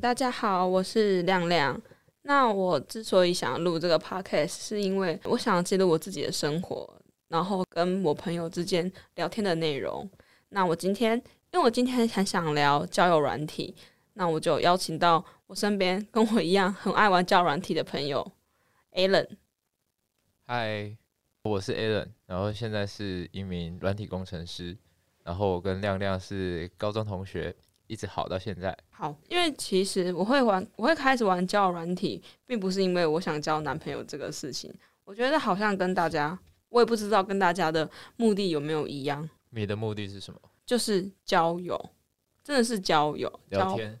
大家好，我是亮亮。那我之所以想要錄這個 podcast，是因為我想記錄我自己的生活，然後跟我朋友之間聊天的內容。那我今天，因為我今天很想聊交友軟體，那我就邀請到我身邊跟我一樣很愛玩交友軟體的朋友 Allen。Hi，我是 Allen，然後現在是一名軟體工程師，然後我跟亮亮是高中同學。一直好到現在。好，因為其實我會玩，我會開始玩交友軟體，並不是因為我想交男朋友這個事情。我覺得好像跟大家，我也不知道跟大家的目的有沒有一樣。你的目的是什麼？就是交友，真的是交友。聊天。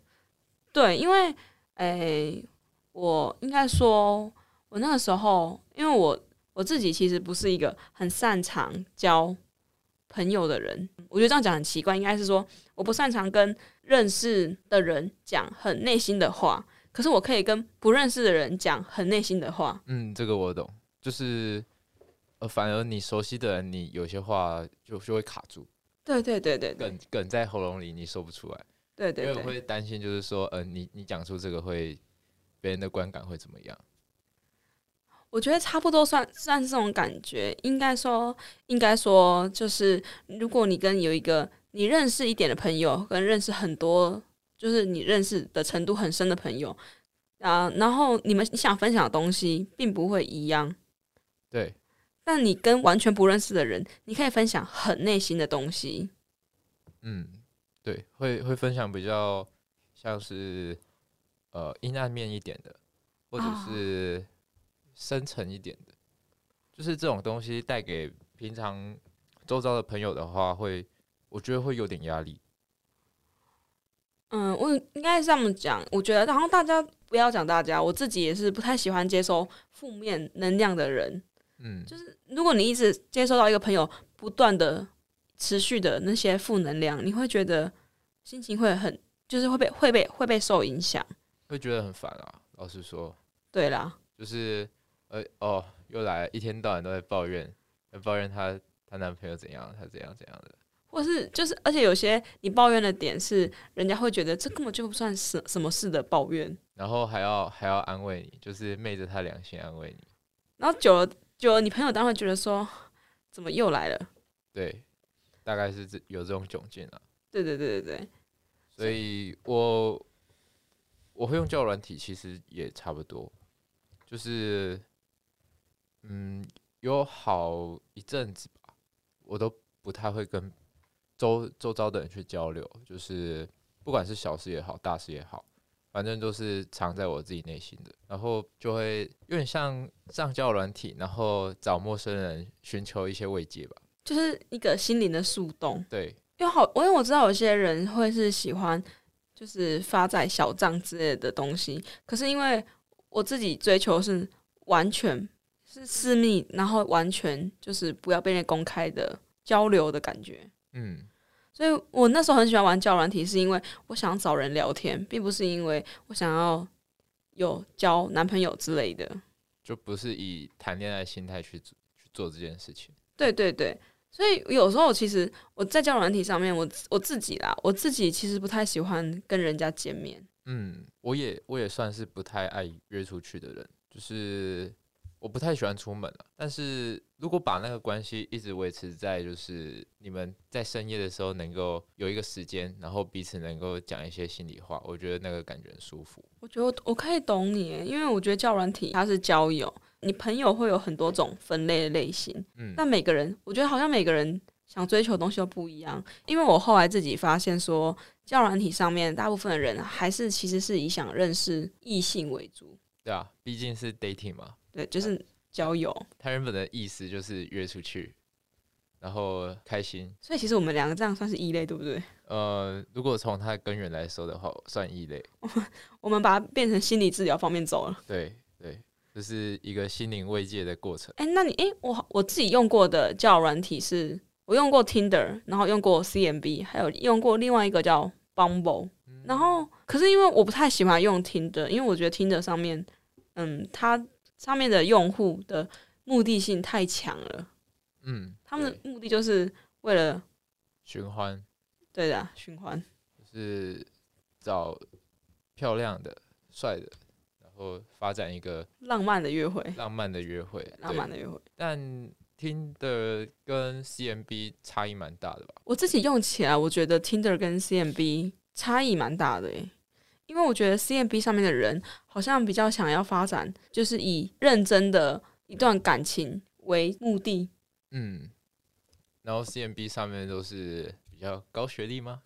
對，因為，誒，我應該說，我那個時候，因為我我自己其實不是一個很擅長交。朋友的人，我覺得這樣講很奇怪，應該是說我不擅長跟認識的人講很內心的話，可是我可以跟不認識的人講很內心的話。嗯，這個我懂，就是呃，反而你熟悉的人，你有些話就就會卡住。對對對對，對，對梗，梗梗在喉嚨裡，你說不出來。對對，對，因為我會擔心，就是說，嗯、呃，你你講出這個會別人的觀感會怎麼樣？我覺得差不多算算是這種感覺，應該說應該說就是，如果你跟有一個你認識一點的朋友，跟認識很多就是你認識的程度很深的朋友，啊，然後你們你想分享的東西並不會一樣，對。但你跟完全不認識的人，你可以分享很內心的東西。嗯，對，會會分享比較像是呃陰暗面一點的，或者是。Oh. 深沉一點的，就是這種東西帶給平常周遭的朋友的話會，會我覺得會有點壓力。嗯，我應該是這麼講。我覺得，然後大家不要講大家，我自己也是不太喜歡接收負面能量的人。嗯，就是如果你一直接收到一個朋友不斷的、持續的那些負能量，你會覺得心情會很，就是會被、會被、會被受影響，會覺得很煩啊。老實說，對啦，就是。呃哦，又來了一天到晚都在抱怨，抱怨她她男朋友怎樣，她怎樣怎樣的，或是就是，而且有些你抱怨的點是，人家會覺得這根本就不算什什麼事的抱怨，然後還要還要安慰你，就是昧着她良心安慰你，然後久了久了，你朋友當然會覺得說，怎麼又來了？對，大概是這有這種窘境了啊。對對對對對，所以我我會用交友軟體，其實也差不多，就是。嗯，有好一陣子吧，我都不太會跟周周遭的人去交流，就是不管是小事也好，大事也好，反正都是藏在我自己內心的。然後就會有點像上交友軟體，然後找陌生人尋求一些慰藉吧，就是一個心靈的樹洞。對，因為好，因為我知道有些人會是喜歡，就是發在小賬之類的東西。可是因為我自己追求是完全。是私密，然後完全就是不要被人公開的交流的感覺。嗯，所以我那時候很喜歡玩交友軟體，是因為我想找人聊天，並不是因為我想要有交男朋友之類的。就不是以談戀愛心態去，去做這件事情。對對對，所以有時候其實我在交友軟體上面我，我我自己啦，我自己其實不太喜歡跟人家見面。嗯，我也我也算是不太愛約出去的人，就是。我不太喜歡出門了啊，但是如果把那個關係一直維持在，就是你們在深夜的時候能夠有一個時間，然後彼此能夠講一些心裡話，我覺得那個感覺很舒服。我覺得我可以懂你，因為我覺得交軟體它是交友，你朋友會有很多種分類的類型，嗯，但每個人我覺得好像每個人想追求的東西都不一樣，因為我後來自己發現說，交軟體上面大部分的人還是其實是以想認識異性為主，對啊，畢竟是 dating 嘛。對，就是交友。他原本的意思就是約出去，然後開心。所以其實我們兩個這樣算是異類，對不對？呃，如果從他的根源來說的話，算異類。 我們把它變成心理治療方面走了。對對，這，就是一個心靈慰藉的過程。哎，那你哎，我我自己用過的交友軟體是，我用過 Tinder，然後用過 CMB，還有用過另外一個叫 Bumble，嗯。然後可是因為我不太喜歡用 Tinder，因為我覺得 Tinder 上面，嗯，它上面的用戶的目的性太強了嗯、嗯，他們的目的就是為了尋歡，對的，啊，尋歡，就是找漂亮的，帥的，然後發展一個浪漫的約會，浪漫的約會，浪漫的約會。但 Tinder 跟 CMB 差異蠻大的吧？我自己用起來，我覺得 Tinder 跟 CMB 差異蠻大的誒、欸。因為我覺得 CMB 上面的人好像比較想要發展，就是以認真的一段感情為目的。嗯，然後 CMB 上面都是比較高學歷嗎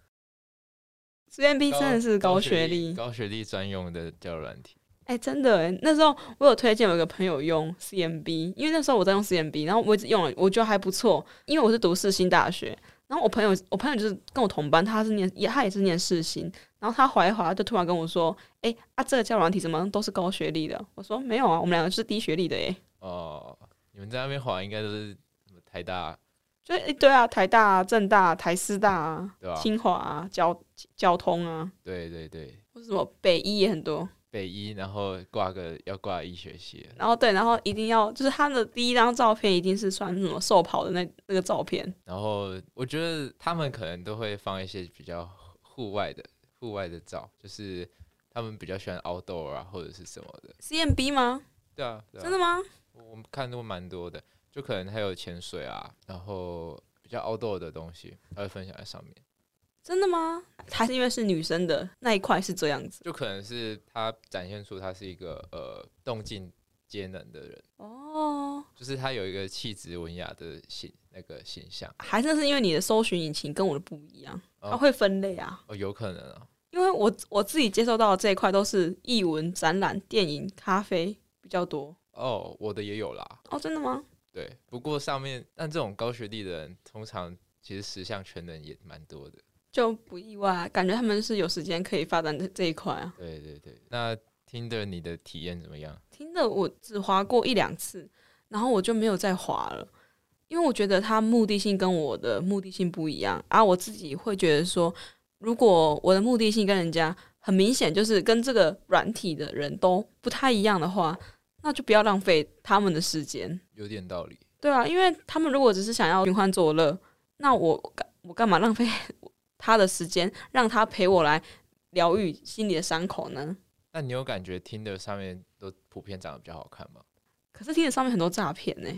？CMB 真的是高學歷、高學歷專用的交友軟體。哎，真的！哎，那時候我有推薦有一個朋友用 CMB，因為那時候我在用 CMB，然後我一直用了，我覺得還不錯，因為我是讀世新大學。然後我朋友，我朋友就是跟我同班，他是念也他也是念世新，然後他滑一滑就突然跟我說：“誒、欸，啊，這個交友軟體什麼都是高學歷的。”我說：“沒有啊，我們兩個就是低學歷的。”誒，哦，你們在那邊滑應該都是什麼台大，就以、欸、對啊，台大、政大、台師大，對啊，清華、啊、交交通啊，對對對，為什麼北醫也很多。北醫，然後掛個要掛醫學系，然後對，然後一定要就是他的第一張照片一定是穿什麼壽跑的那那個照片。然後我覺得他們可能都會放一些比較戶外的戶外的照，就是他們比較喜歡 outdoor 啊或者是什麼的。CMB 嗎？對啊。對啊。真的嗎？我們看過蠻多的，就可能還有潛水啊，然後比較 outdoor 的東西，他會分享在上面。真的嗎？還是因為是女生的那一塊是這樣子？就可能是她展現出她是一個呃動靜皆能的人哦，oh. 就是她有一個氣質文雅的形，那個形象，還是是因為你的搜尋引擎跟我的不一樣？它、oh. 會分類啊？哦、oh,，有可能啊，因為我我自己接受到的這一塊都是藝文展覽、電影、咖啡比較多哦，oh, 我的也有啦。哦、oh,，真的嗎？對，不過上面但這種高學歷的人通常其實十項全能也蠻多的。就不意外，感覺他們是有時間可以發展的這一塊啊。對對對，那聽着你的體驗怎麼樣？聽着我只滑過一兩次，然後我就沒有再滑了，因為我覺得他目的性跟我的目的性不一樣啊。我自己會覺得說，如果我的目的性跟人家很明顯就是跟這個軟體的人都不太一樣的話，那就不要浪費他們的時間。有點道理。對啊，因為他們如果只是想要尋歡作樂，那我，我幹我幹嘛浪費？他的時間讓他陪我來療癒心裡的傷口呢？那你有感覺聽的上面都普遍長得比較好看嗎？可是聽的上面很多詐騙呢，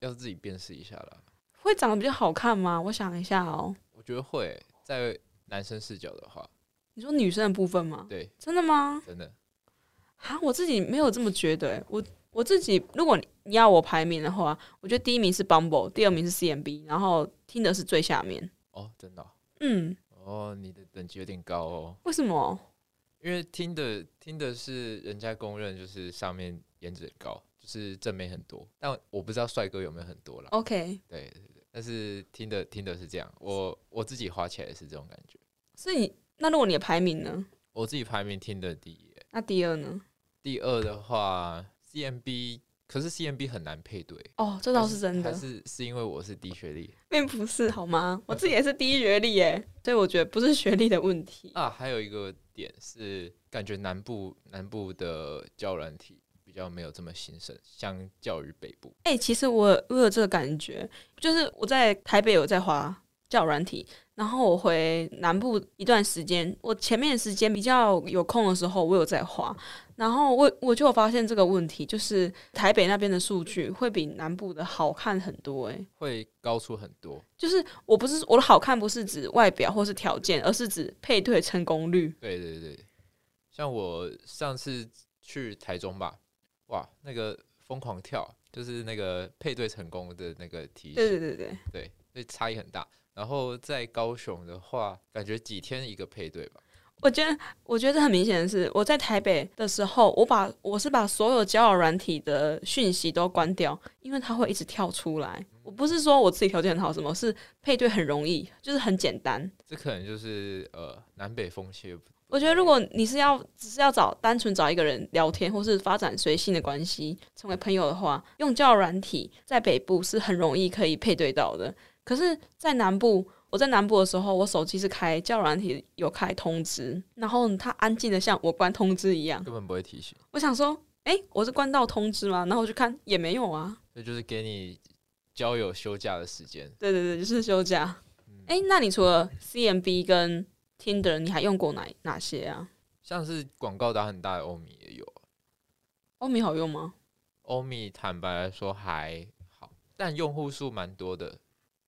要自己辨識一下啦。會長得比較好看嗎？我想一下哦。我覺得會，在男生視角的話，你說女生的部分嗎？對，真的嗎？真的啊，我自己沒有這麼覺得。我我自己如果你,你要我排名的話，我覺得第一名是 Bumble，第二名是 CMB，然後聽的是最下面。哦，真的哦。嗯，哦，你的等級有點高哦。為什麼？因為聽的聽的是人家公認，就是上面顏值很高，就是正面很多，但我不知道帥哥有沒有很多啦。OK，對對對，但是聽的聽的是這樣，我我自己滑起來也是這種感覺。所以那如果你的排名呢？我自己排名聽的第一，那第二呢？第二的話，CMB。可是 CMB 很難配對哦，這倒是真的。但是是，是因為我是低學歷？並不是好嗎？我自己也是低學歷耶， 所以我覺得不是學歷的問題啊。還有一個點是，感覺南部南部的交軟體比較沒有這麼興盛，相較於北部。哎、欸，其實我我有這個感覺，就是我在台北有在花。交軟體，然後我回南部一段時間。我前面的時間比較有空的時候，我有在滑。然後我我就發現這個問題，就是台北那邊的數據會比南部的好看很多，欸，哎，會高出很多。就是我不是我的好看，不是指外表或是條件，而是指配對成功率。對對對，像我上次去台中吧，哇，那個瘋狂跳，就是那個配對成功的那個提示。對對對對，對，所以差異很大。然後在高雄的話，感覺幾天一個配對吧。我覺得，我覺得這很明顯的是，我在台北的時候，我把我是把所有交友軟體的訊息都關掉，因為它會一直跳出來。我不是說我自己條件很好，什麼、嗯、是配對很容易，就是很簡單。這可能就是呃南北風氣。我覺得如果你是要只是要找單純找一個人聊天，或是發展隨性的關係，成為朋友的話，用交友軟體在北部是很容易可以配對到的。可是，在南部，我在南部的時候，我手機是開交友軟體，有開通知，然後它安靜的像我關通知一樣，根本不會提醒。我想說，哎、欸，我是關到通知嗎？然後我就看也沒有啊。這就是給你交友休假的時間。對對對，就是休假。哎、嗯欸，那你除了 C M B 跟 Tinder，你還用過哪哪些啊？像是廣告打很大的歐米也有、啊。歐米好用嗎？歐米坦白來說還好，但用戶數蠻多的。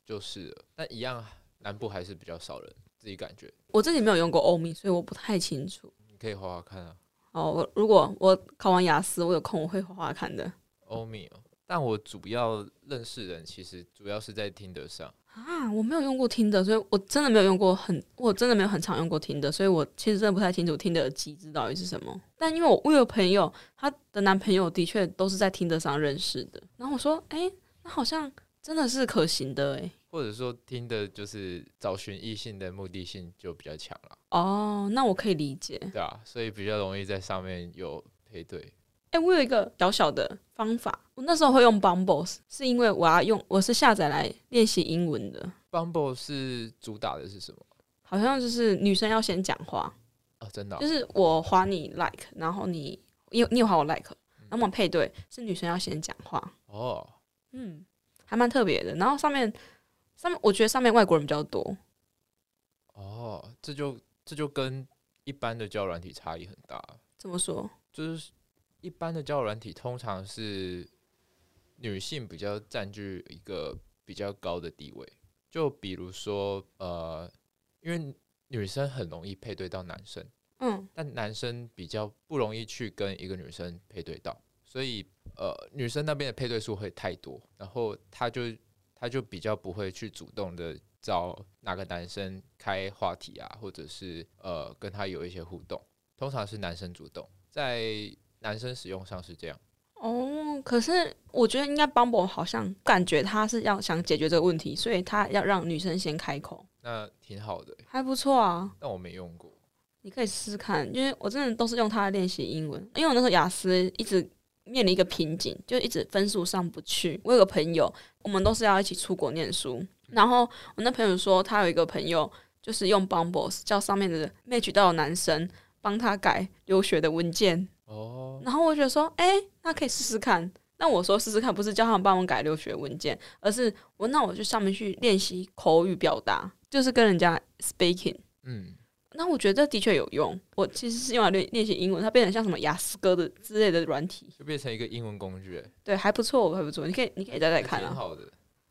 就是了，但一樣，南部還是比較少人。自己感覺，我自己沒有用過 Omi，所以我不太清楚。你可以滑滑看啊。哦、oh,，如果我考完雅思，我有空我會滑滑看的。Omi，但我主要認識人，其實主要是在 Tinder 上啊。我沒有用過 Tinder，所以我真的沒有用過很，我真的沒有很常用過 Tinder，所以我其實真的不太清楚 Tinder 機制到底是什麼。但因為我我有朋友，她的男朋友的確都是在 Tinder 上認識的。然後我說，哎、欸，那好像真的是可行的、欸，哎。或者說聽的就是找尋異性的目的性就比較強了。哦，那我可以理解。對啊，所以比較容易在上面有配對。哎、欸，我有一個小小的方法，我那時候會用 Bumble，是因為我要用我是下載來練習英文的。Bumble 是主打的是什麼？好像就是女生要先講話啊，oh, 真的、啊？就是我划你 like，然後你有你有划我 like，然後我們配對是女生要先講話哦，oh. 嗯，還蠻特別的。然後上面。上面我覺得上面外國人比較多，哦，這就這就跟一般的交友軟體差異很大。怎麼說？就是一般的交友軟體通常是女性比較佔據一個比較高的地位。就比如說，呃，因為女生很容易配對到男生，嗯，但男生比較不容易去跟一個女生配對到，所以呃，女生那邊的配對數會太多，然後他就。他就比較不會去主動的找哪個男生開話題啊，或者是呃跟他有一些互動，通常是男生主動，在男生使用上是這樣。哦，可是我覺得應該 Bumble 好像感覺他是要想解決這個問題，所以他要讓女生先開口。那挺好的，還不錯啊。但我沒用過，你可以試試看，因為我真的都是用它練習英文，因為我那時候雅思一直面臨一個瓶頸，就一直分數上不去。我有個朋友。我們都是要一起出國念書，然後我那朋友說他有一個朋友，就是用 Bumble 叫上面的 match 到的男生幫他改留學的文件，哦、然後我就說，哎，那可以試試看。那我說試試看，不是叫他們幫我改留學的文件，而是我那我去上面去練習口語表達，就是跟人家 speaking，嗯。那我覺得這的確有用。我其實是用來練練習英文，它變成像什麼雅思哥的之類的軟體，就變成一個英文工具、欸。對，還不錯，還不錯。你可以你可以再來看啊。挺好的，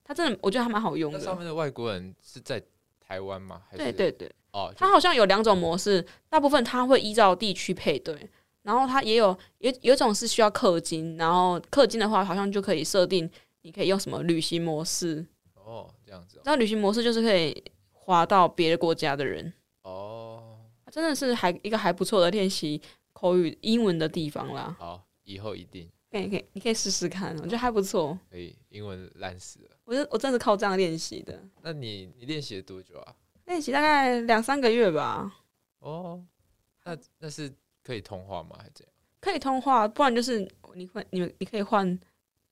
它真的，我覺得還蠻好用的。那上面的外國人是在台灣嗎還是？對對對，哦，它好像有兩種模式，大部分它會依照地區配對，然後它也有有有一種是需要氪金，然後氪金的話，好像就可以設定你可以用什麼旅行模式。哦，這樣子、哦。那旅行模式就是可以滑到別的國家的人。哦。啊、真的是還一個還不錯的練習口語英文的地方啦。好，以後一定。可以可以，你可以試試看，我覺得還不錯。可以，英文爛死了。我是我真的是靠這樣練習的。那你你練習了多久啊？練習大概兩三個月吧。哦，那那是可以通話嗎？啊、還是這樣？可以通話，不然就是你會你你，你可以換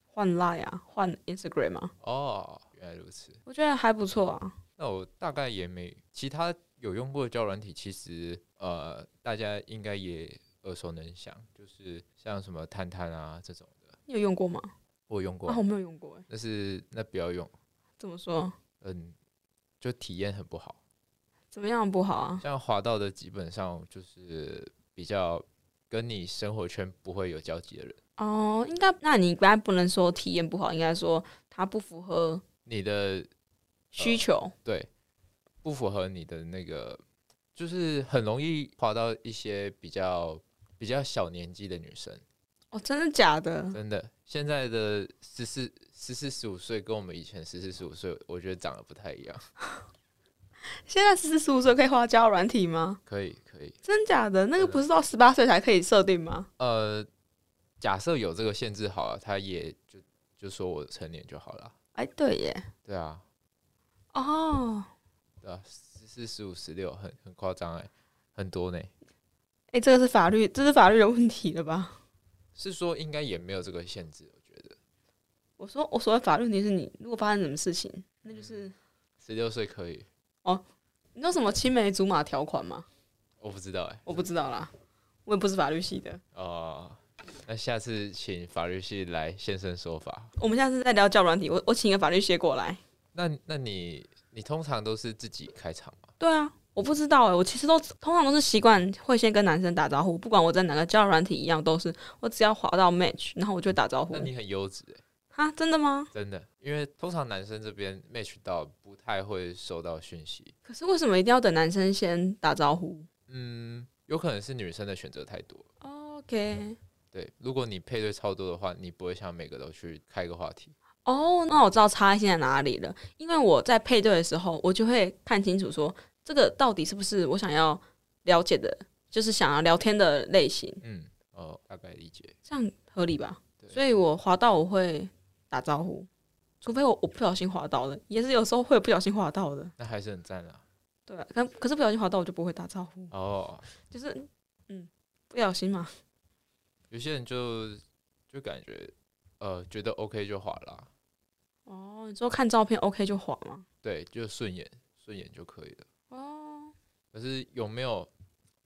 換 LINE 啊，換 Instagram 嗎、啊？哦，原來如此。我覺得還不錯啊。那我大概也沒其他。有用過的交友軟體，其實呃，大家應該也耳熟能詳，就是像什麼探探啊這種的。你有用過嗎？我有用過、啊。我沒有用過，但那是那不要用。怎麼說？嗯，就體驗很不好。怎麼樣不好啊？像滑到的基本上就是比較跟你生活圈不會有交集的人。哦、呃，應該，那你應該不能說體驗不好，應該說它不符合你的、呃、需求。對。不符合你的那個，就是很容易滑到一些比較比較小年紀的女生。哦，真的假的？真的，現在的十四十四十五歲跟我們以前十四十五歲，我覺得長得不太一樣。 現在十四十五歲可以滑交友軟體嗎？可以，可以。真的假的？那個不是到十八歲才可以設定嗎？呃，假設有這個限制好了，他也就就說我成年就好了。哎，對耶。對啊。哦、oh.。啊，十四、十五、十六，很很誇張哎，很多呢。哎、欸，這個是法律，這是法律的問題了吧？是說應該也沒有這個限制，我覺得。我說我所謂法律問題是你，如果發生什麼事情，那就是十六歲可以哦。你有什麼青梅竹馬條款嗎？我不知道哎、欸，我不知道啦，我也不是法律系的。哦、呃，那下次請法律系來現身說法。我們下次再聊交軟體，我我請一個法律系過來。那那你？你通常都是自己開場嗎？對啊，我不知道哎、欸，我其實都通常都是習慣會先跟男生打招呼，不管我在哪個交友軟體一樣都是，我只要滑到 match，然後我就會打招呼。那你很優質哎！啊，真的嗎？真的，因為通常男生這邊 match 到不太會收到訊息。可是為什麼一定要等男生先打招呼？嗯，有可能是女生的選擇太多。OK，、嗯、對，如果你配對超多的話，你不會想每個都去開個話題。哦、oh,，那我知道差異在哪裡了。因為我在配對的時候，我就會看清楚說，說這個到底是不是我想要了解的，就是想要聊天的類型。嗯，哦，大概理解，這樣合理吧？對。所以我滑到我會打招呼，除非我我不小心滑到了，也是有時候會不小心滑到的。那還是很讚的、啊。對、啊，可可是不小心滑到我就不會打招呼。哦，就是嗯，不小心嘛。有些人就就感覺呃覺得 OK 就滑了、啊。哦、oh,，你說看照片 OK 就好嗎？對，就順眼順眼就可以了。哦、oh.，可是有沒有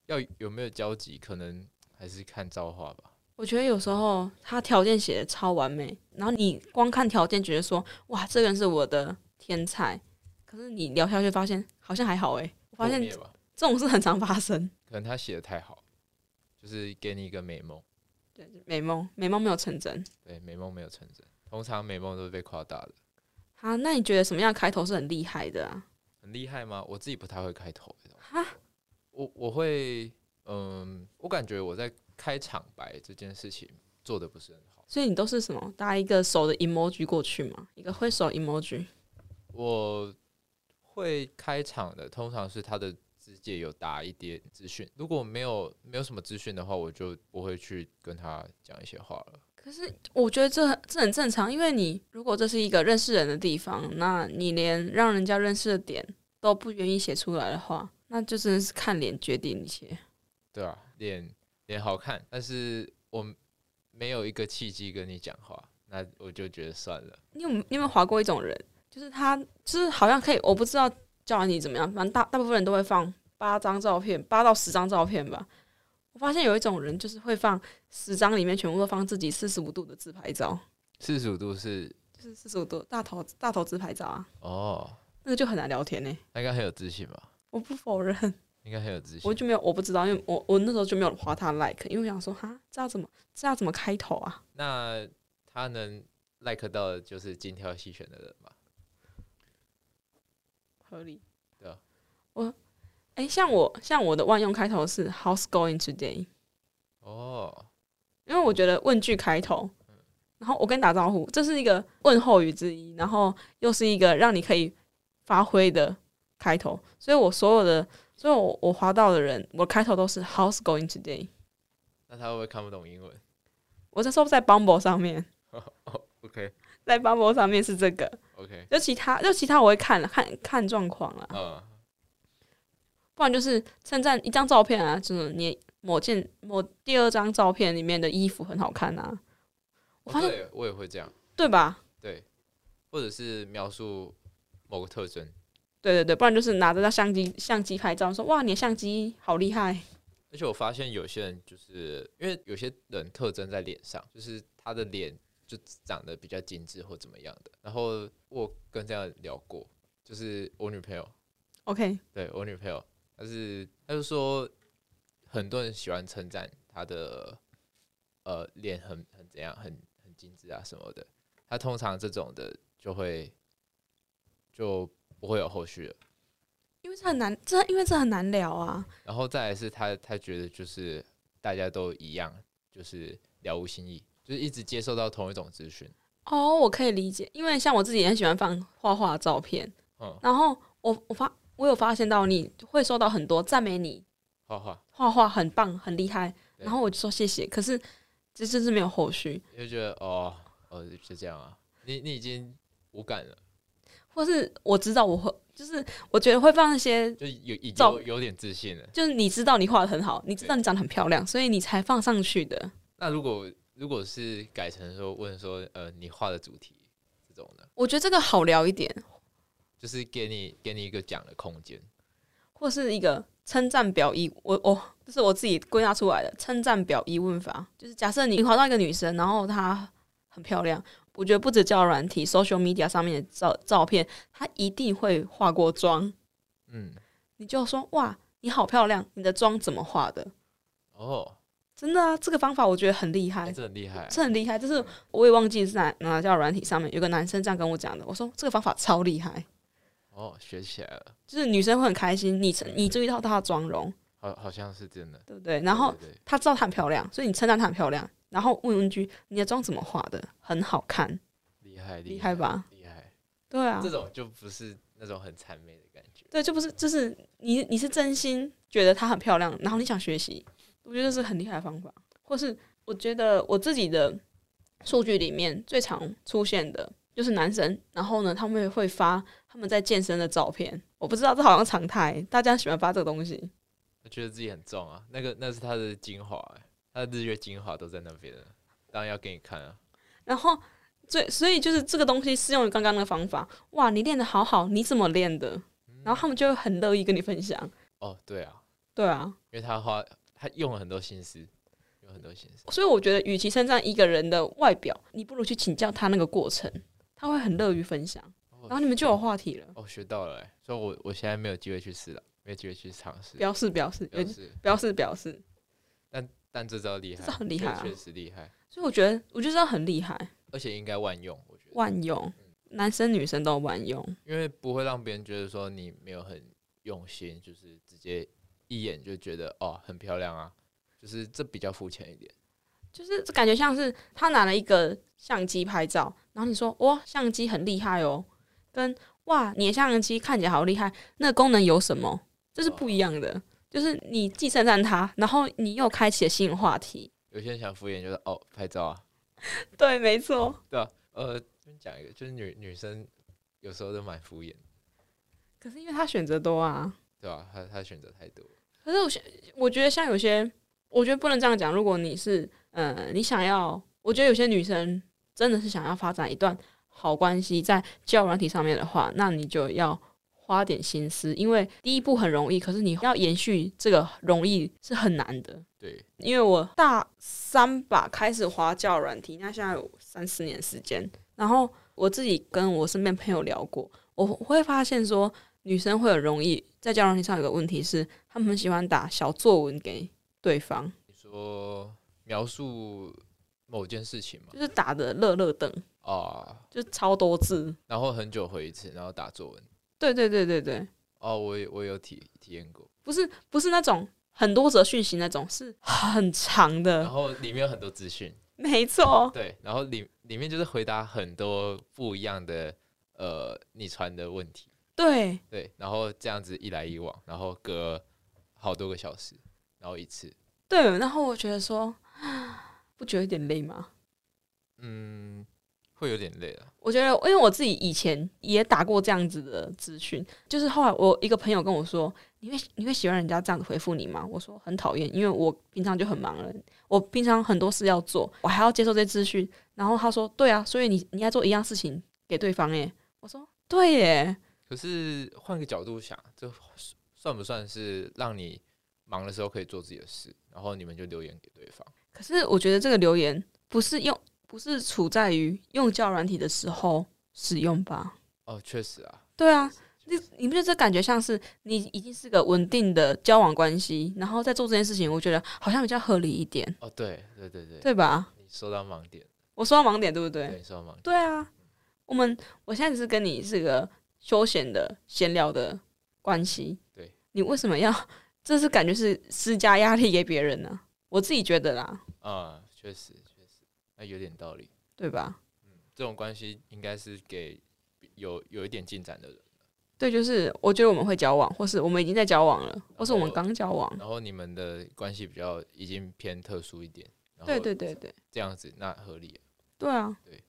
要有沒有交集，可能還是看造化吧。我覺得有時候他條件寫的超完美，然後你光看條件覺得說哇，這個人是我的天菜，可是你聊下去發現好像還好哎、欸，我發現這種事很常發生。可能他寫的太好，就是給你一個美夢。對，美夢，美夢沒有成真。對，美夢沒有成真。通常美夢都是被誇大了。好，那你覺得什麼樣開頭是很厲害的啊？很厲害嗎？我自己不太會開頭。哈，我我會，嗯，我感覺我在開場白這件事情做得不是很好。所以你都是什麼？打一個手的 emoji 過去嗎？一個揮手 emoji？嗯。我會開場的，通常是他的自介有打一點資訊。如果沒有沒有什麼資訊的話，我就不會去跟他講一些話了。可是我覺得這這很正常，因為你如果這是一個認識人的地方，那你連讓人家認識的點都不願意寫出來的話，那就真的是看臉決定一切。對啊，臉臉好看，但是我沒有一個契機跟你講話，那我就覺得算了。你有你有沒有劃過一種人？就是他就是好像可以，我不知道叫你怎麼樣，反正大大部分人都會放八張照片，八到十張照片吧。我發現有一種人，就是會放十張裡面全部都放自己四十五度的自拍照。四十五度是、就是四十五度大頭大頭自拍照啊！哦、oh，那個就很難聊天呢、欸。他應該很有自信吧？我不否認。應該很有自信。我就沒有，我不知道，因為我我那時候就沒有劃他 like，因為我想說哈，這要怎麼這要怎麼開頭啊？那他能 like 到的就是精挑細選的人吧？合理。對啊。我。哎，像我像我的萬用開頭是 How's going today？哦、oh.，因為我覺得問句開頭，然後我跟你打招呼，這是一個問候語之一，然後又是一個讓你可以發揮的開頭，所以我所有的，所以我我滑到的人，我開頭都是 How's going today？那他會不會看不懂英文？我這時候在 Bumble 上面，Oh, okay. 在 Bumble 上面是這個，OK。就其他就其他我會看看看狀況了，oh. 不然就是稱讚一張照片啊，就是你某件某第二張照片裡面的衣服很好看啊。我發現，喔對，我也會這樣，對吧？對，或者是描述某個特徵。對對對，不然就是拿着那相機相機拍照說，說哇，你的相機好厲害。而且我發現有些人就是因為有些人特徵在臉上，就是他的臉就長得比較精緻或怎麼樣的。然後我跟這樣聊過，就是我女朋友，OK，對我女朋友。但是，他就說，很多人喜歡稱讚他的，呃，臉很很怎樣，很很精緻啊什麼的。他通常這種的就會就不會有後續了，因為這很難，這因為這很難聊啊。然後再來是他，他覺得就是大家都一樣，就是了無新意，就是一直接受到同一種資訊。哦，我可以理解，因為像我自己也很喜歡放畫畫的照片，嗯，然後我我發。我有發現到你會收到很多讚美你，你畫畫畫畫很棒，很厲害。然後我就說謝謝，可是其實是沒有後續，就覺得哦，哦是這樣啊。你你已經無感了，或是我知道我會，就是我覺得會放一些，就有，有，有點自信了，就是你知道你畫得很好，你知道你長得很漂亮，所以你才放上去的。那如果如果是改成說問說呃你畫的主題這種呢？我覺得這個好聊一點。就是給你給你一個講的空間，或是一個稱讚表意，我我、哦、這是我自己歸納出來的稱讚表意問法。就是假設你滑到一個女生，然後她很漂亮，我覺得不止交友軟體，social media 上面的照照片，她一定會化過妝。嗯，你就說哇，你好漂亮，你的妝怎麼化的？哦，真的啊，這個方法我覺得很厲害，是、哎、很厲害，是很厲害、嗯。就是我也忘記是哪哪交友軟體上面有個男生這樣跟我講的，我說這個方法超厲害。哦，學起來了，就是女生會很開心。你你注意到她的妝容，嗯、好好像是真的，對不對？然後她知道她很漂亮，所以你稱讚她很漂亮，然後問一，問一句：“你的妝怎麼畫的？很好看，厲害厲害吧？厲害，厲害，對啊。這種就不是那種很諂媚的感覺，對，就不是，就是你你是真心覺得她很漂亮，然後你想學習，我覺得這是很厲害的方法。或是我覺得我自己的數據裡面最常出現的。就是男生，然後呢，他們也會發他們在健身的照片。我不知道這好像常態，大家喜歡發這個東西。我覺得自己很重啊，那個那個、是他的精華、欸，他的日月精華都在那邊了，當然要給你看啊。然後，所以所以就是這個東西適用於剛剛那個方法。哇，你練得好好，你怎麼練的？嗯？然後他們就很樂意跟你分享。哦，對啊，對啊，因為他花他用了很多心思，用很多心思。所以我覺得，與其稱讚一個人的外表，你不如去請教他那個過程。他會很樂於分享，然後你們就有話題了。哦，學到了、欸，所以我，我我現在沒有機會去試了，沒機會去嘗試。表示表示，表示、欸、表示表示。但但這招厲害，這很厲害、啊，確實厲害。所以我覺得，我覺得這招很厲害，而且應該萬用。萬用、嗯，男生女生都萬用，因為不會讓別人覺得說你沒有很用心，就是直接一眼就覺得哦很漂亮啊，就是這比較膚淺一點。就是感覺像是他拿了一個相機拍照，然後你說“哇、哦，相機很厲害哦”，跟“哇，你的相機看起來好厲害”，那個、功能有什麼？這是不一樣的。哦、就是你既稱讚他，然後你又開啟了新的話題。有些人想敷衍，就是“哦，拍照啊” 對，沒錯、哦。對啊，呃，跟你講一個，就是女女生有時候都蠻敷衍，可是因為她選擇多啊，嗯、對吧、啊？她她選擇太多。可是我，我覺得像有些，我覺得不能這樣講。如果你是嗯，你想要？我覺得有些女生真的是想要發展一段好關係，在交友軟體上面的話，那你就要花點心思，因為第一步很容易，可是你要延續這個容易是很難的。對，因為我大三吧開始滑交友軟體，那現在有三四年時間。然後我自己跟我身邊朋友聊過，我會發現說，女生會很容易在交友軟體上有個問題是，她們喜歡打小作文給對方。你說。描述某件事情嘛，就是打得落落長哦，uh, 就超多字，然後很久回一次，然後打作文。對對對對對。哦、oh,，我有我有體體驗過，不是不是那種很多則訊息那種，是很長的，然後裡面有很多資訊，沒錯。對，然後裡裡面就是回答很多不一樣的呃你傳的問題，對對，然後這樣子一來一往，然後隔好多個小時，然後一次。對，然後我覺得說。不覺得有點累嗎？嗯，會有點累啊。我覺得，因為我自己以前也打過這樣子的資訊，就是後來我一個朋友跟我說：“你會你會喜歡人家這樣回復你嗎？”我說：“很討厭。”因為我平常就很忙了，我平常很多事要做，我還要接受這些資訊。然後他說：“對啊，所以你你要做一樣事情給對方。”哎，我說：“對耶。”可是換個角度想，這算不算是讓你忙的時候可以做自己的事，然後你們就留言給對方？可是我覺得這個留言不是用，不是處在於用交友軟體的時候使用吧？哦，確實啊。對啊，你你不覺得這感覺像是你已經是個穩定的交往關係，然後在做這件事情，我覺得好像比較合理一點。哦，對對對對，對吧？你說到盲點，我說到盲點，對不對？對，對啊，我們我現在只是跟你是個休閒的閒聊的關係。對，你為什麼要這是感覺是施加壓力給別人呢、啊？我自己覺得啦。啊、嗯，確實確實，那有點道理，對吧？嗯、這種關係應該是給有有一點進展的人，對，就是我覺得我們會交往，或是我們已經在交往了，或是我們剛交往。然後你們的關係比較已經偏特殊一點，對對對對，這樣子那合理，對啊，對。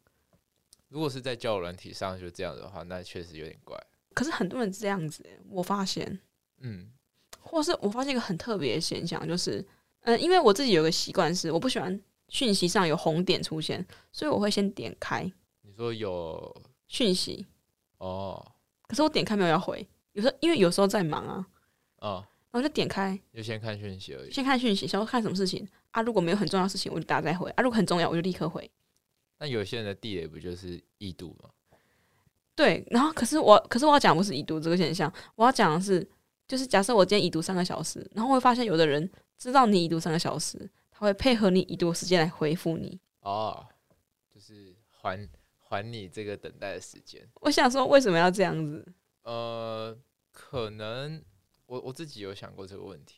如果是在交友軟體上就這樣子的話，那確實有點怪。可是很多人是這樣子、欸，我發現，嗯，或是我發現一個很特別的現象，就是。嗯，因為我自己有個習慣是，我不喜歡訊息上有紅點出現，所以我會先點開。你說有訊息哦，oh. 可是我點開沒有要回。有時候因為有時候在忙啊，哦、oh.，然後就點開，就先看訊息而已。先看訊息，想說看什麼事情啊？如果沒有很重要的事情，我就打再回啊。如果很重要，我就立刻回。那有些人的地雷不就是已讀嗎？對，然後可是我，可是我要講不是已讀這個現象，我要講的是，就是假設我今天已讀三個小時，然後我會發現有的人。知道你已讀三個小時，他會配合你已讀時間來回復你哦，就是還還你這個等待的時間。我想說，為什麼要這樣子？呃，可能我我自己有想過這個問題，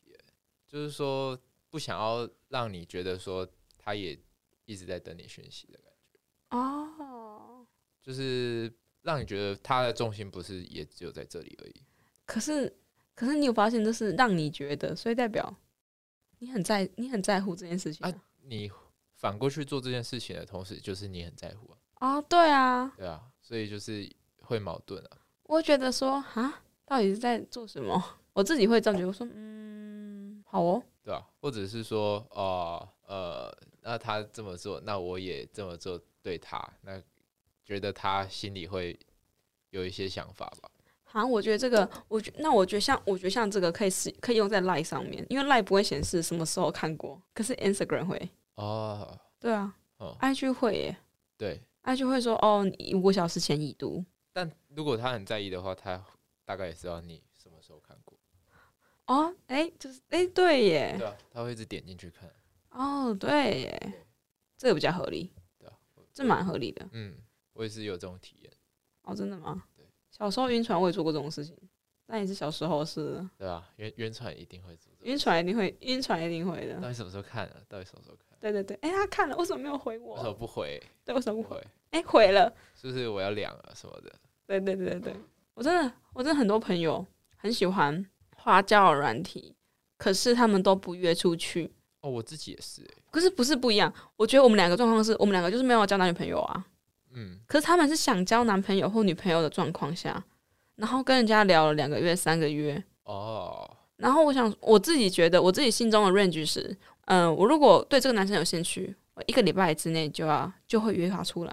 就是說不想要讓你覺得說他也一直在等你訊息的感覺哦，就是讓你覺得他的重心不是也只有在這裡而已。可是，可是你有發現，就是讓你覺得，所以代表。你很在，你很在乎這件事情啊，啊！你反過去做這件事情的同時，就是你很在乎啊！啊對啊，對啊，所以就是會矛盾啊！我覺得說啊，到底是在做什麼？我自己會這樣覺得，我說嗯，好哦，對啊，或者是說哦、呃，呃，那他這麼做，那我也這麼做，對他，那覺得他心裡會有一些想法吧。好、啊、像我覺得這個，我覺得那我覺得像，我覺得像這個可以是可以用在 Line 上面，因為 Line 不會顯示什麼時候看過，可是 Instagram 會。哦，對啊，哦、IG 會耶。對，IG 會說哦，你五小時前已讀。但如果他很在意的話，他大概也是要你什麼時候看過。哦，哎、欸，就是哎、欸，對耶。對啊，他會一直點進去看。哦，對耶，這個比較合理。對啊，這蠻合理的。嗯，我也是有這種體驗。哦，真的嗎？小時候暈船，我也做過這種事情，那也是小時候的事。對啊，暈船一定會暈船一定會暈船一定會的。那你什麼時候看啊？到底什麼時候看，時候看？對對對，哎、欸，他看了，為什麼沒有回我？為、哦、什麼不回？對，為什麼不回？哎、欸，回了，是不是我要涼了什麼的？對，對對對對對，我真的，我真的很多朋友很喜歡滑交友軟體，可是他們都不約出去。哦，我自己也是，可是不是不一樣？我覺得我們兩個狀況是我們兩個就是沒有交男女朋友啊。嗯，可是他們是想交男朋友或女朋友的狀況下，然後跟人家聊了兩個月，三個月哦。然後我想我自己覺得，我自己心中的 range 是，嗯，呃，我如果對這個男生有興趣，我一個禮拜之內就要，啊，就會約他出來。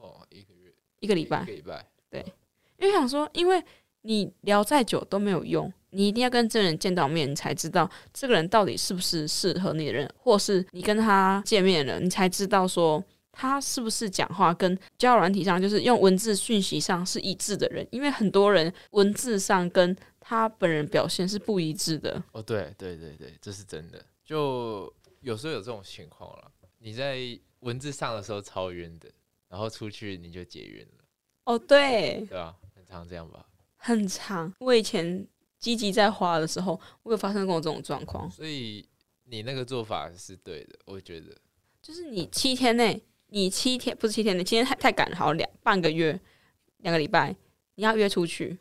哦，一個月，一個禮拜，一個禮拜，對，一個禮拜，哦。因為想說，因為你聊再久都沒有用，你一定要跟這個人見到面，你才知道這個人到底是不是適合你的人，或是你跟他見面了，你才知道說。他是不是講話跟交友軟體上，就是用文字訊息上是一致的人？因為很多人文字上跟他本人表現是不一致的。哦，對對對對，這是真的。就有時候有這種情況啦。你在文字上的時候超暈的，然後出去你就解暈了。哦，對。對啊，很常這樣吧。很常。我以前積極在花的時候，我有發生過這種狀況。所以你那個做法是對的，我覺得。就是你七天內。 你七天，不是七天，你今天太太趕了。好兩半個月，兩個禮拜，你要約出去。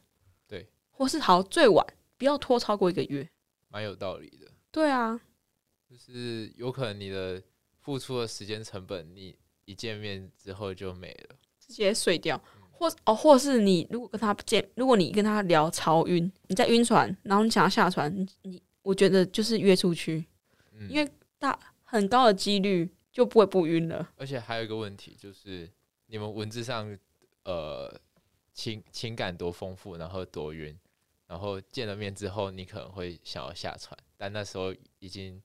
對，或是好最晚，不要拖超過一個月。蠻有道理的。對啊，就是有可能你的付出的時間成本，你一見面之後就沒了，直接碎掉，嗯、或、哦，或是你如果跟他見，如果你跟他聊超暈，你在暈船，然後你想要下船，你你我覺得就是約出去，嗯、因為大很高的幾率。就不會不暈了。而且還有一個問題就是，你們文字上，呃，情情感多豐富，然後多暈，然後見了面之後，你可能會想要下船，但那時候已經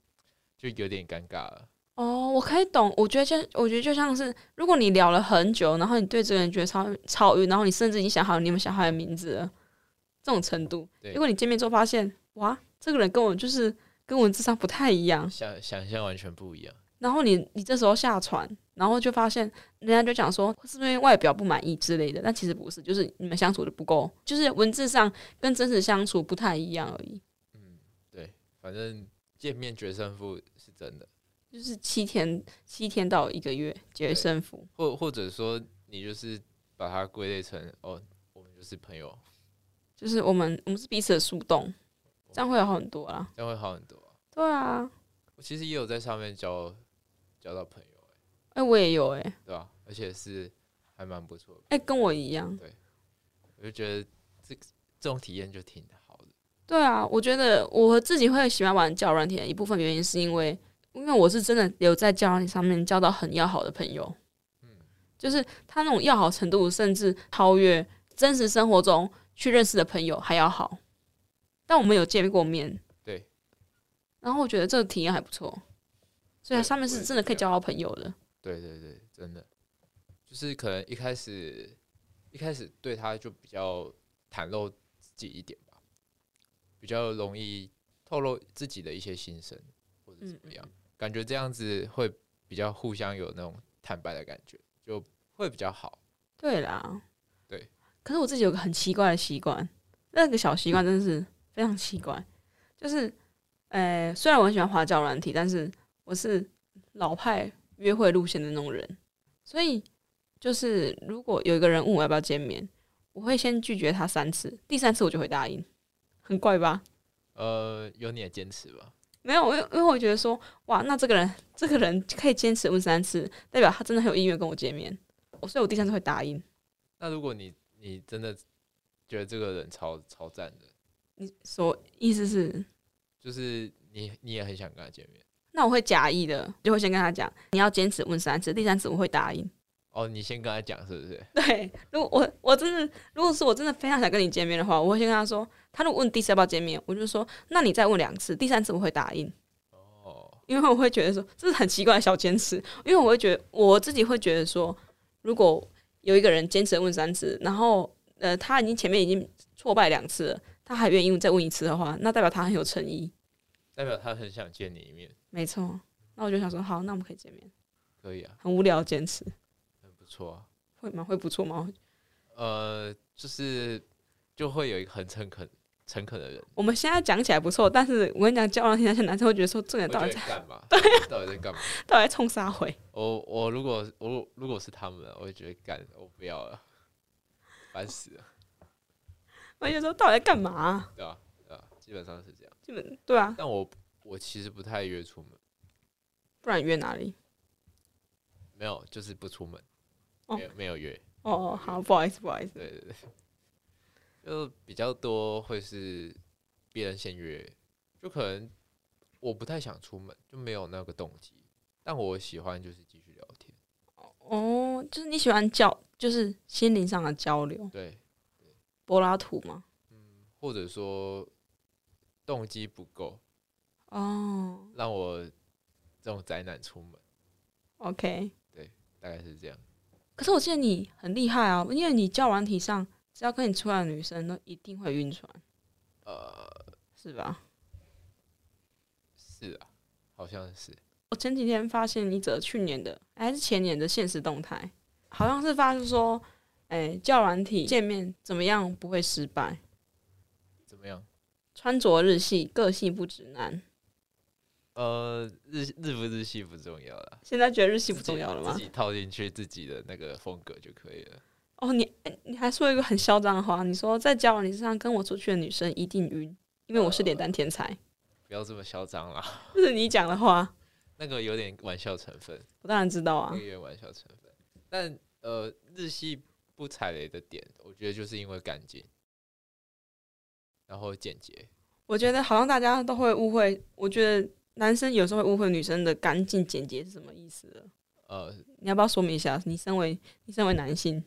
就有點尷尬了。哦，我可以懂。我覺得，我覺得就像是，如果你聊了很久，然後你對這個人覺得超超暈，然後你甚至已經想好你們小孩的名字了，這種程度，如果你見面之後發現，哇，這個人跟我就是跟文字上不太一樣，想想象完全不一樣。然後你你這時候下船，然後就發現人家就講說，是不是因為外表不滿意之類的，但其實不是，就是你們相處的不夠，就是文字上跟真實相處不太一樣而已。嗯，對，反正見面決勝負是真的，就是七天七天到一個月決勝負，或或者說你就是把它歸類成哦，我們就是朋友，就是我們我們是彼此的樹洞，這樣會好很多啊，這樣會好很多啊。對啊，我其實也有在上面教。交到朋友、欸，哎、欸，我也有、欸，哎，對啊，而且是還蠻不錯，哎，跟我一樣，對，我就覺得這這種體驗就挺好的。對啊，我覺得我自己會喜歡玩交友軟體的一部分原因，是因為因為我是真的有在交友軟體上面交到很要好的朋友，嗯，就是他那種要好程度，甚至超越真實生活中去認識的朋友還要好，但我們有見過面，對，然後我覺得這個體驗還不錯。所以他上面是真的可以交到朋友的對。對對對，真的，就是可能一開始一開始對他就比較袒露自己一點吧，比較容易透露自己的一些心聲或者怎麼樣，嗯，感覺這樣子會比較互相有那種坦白的感覺，就會比較好。對啦，對。可是我自己有個很奇怪的習慣，那個小習慣真的是非常奇怪，嗯、就是，呃，雖然我很喜歡滑交友軟體，但是。我是老派約會路線的那種人，所以就是如果有一個人問我要不要見面，我會先拒絕他三次，第三次我就會答應，很怪吧？呃，有你的堅持吧？沒有，因為因為我覺得說，哇，那這個人這個人可以堅持問三次，代表他真的很有意願跟我見面，我所以我第三次會答應。那如果你你真的覺得這個人超超讚的，你說意思是，就是你你也很想跟他見面？那我會假意的，就會先跟他講，你要堅持問三次，第三次我會答應。哦，你先跟他講是不是？對，如果我我真的，如果是我真的非常想跟你見面的話，我會先跟他說。他如果問第三次要不要見面，我就說，那你再問兩次，第三次我會答應。哦，因為我會覺得說這是很奇怪的小堅持，因為我會覺得我自己會覺得說，如果有一個人堅持問三次，然後呃他已經前面已經挫敗兩次了，他還願意再問一次的話，那代表他很有誠意，代表他很想見你一面。沒錯，那我就想說，好，那我們可以見面。可以啊。很無聊，堅持。很不錯啊。會嗎？會不錯嗎？呃，就是就會有一個很誠懇、誠懇的人。我們現在講起來不錯，但是我跟你講，交往的那些男生會覺得說，重點到底在幹嘛？對、啊，到底在幹嘛？ 到底在衝啥毀？我我如果我如果是他們，我會覺得幹，我不要了，煩死了。我就說，到底在幹嘛、嗯？對啊對啊，基本上是這樣。基本對啊，但我。我其實不太約出門，不然約哪裡？沒有，就是不出門，沒有、oh. 沒有約。哦哦，好，不好意思，不好意思。對對對，就比較多會是別人先約，就可能我不太想出門，就沒有那個動機。但我喜歡就是繼續聊天。哦、oh,，就是你喜歡交，就是心靈上的交流。對。對，柏拉圖嗎？嗯，或者說動機不夠。哦、oh.，讓我這種宅男出門。OK，對，大概是這樣。可是我記得你很厲害啊、哦，因為你交軟體上，只要跟你出來的女生都一定會暈船。呃、uh,，是吧？是啊，好像是。我前幾天發現一則去年的，還是前年的限時動態，好像是發出說，哎、欸，交軟體見面怎麼樣不會失敗？怎麼樣？穿着日系，個性不直男。呃，日日不日系不重要啦。現在覺得日系不重要了嗎？自己套進去自己的那個風格就可以了。哦，你，你還說一個很囂張的話，你說在交往你身上跟我出去的女生一定暈，因為我是點單天才、呃。不要這麼囂張啦，這是你講的話。 那個有點玩笑成分，我當然知道啊，那個、有點玩笑成分。但呃，日系不踩雷的點，我覺得就是因為乾淨，然後簡潔。我覺得好像大家都會誤會，我覺得。男生有時候會誤會女生的乾淨簡潔是什麼意思？呃，你要不要說明一下？你身為你身為男性，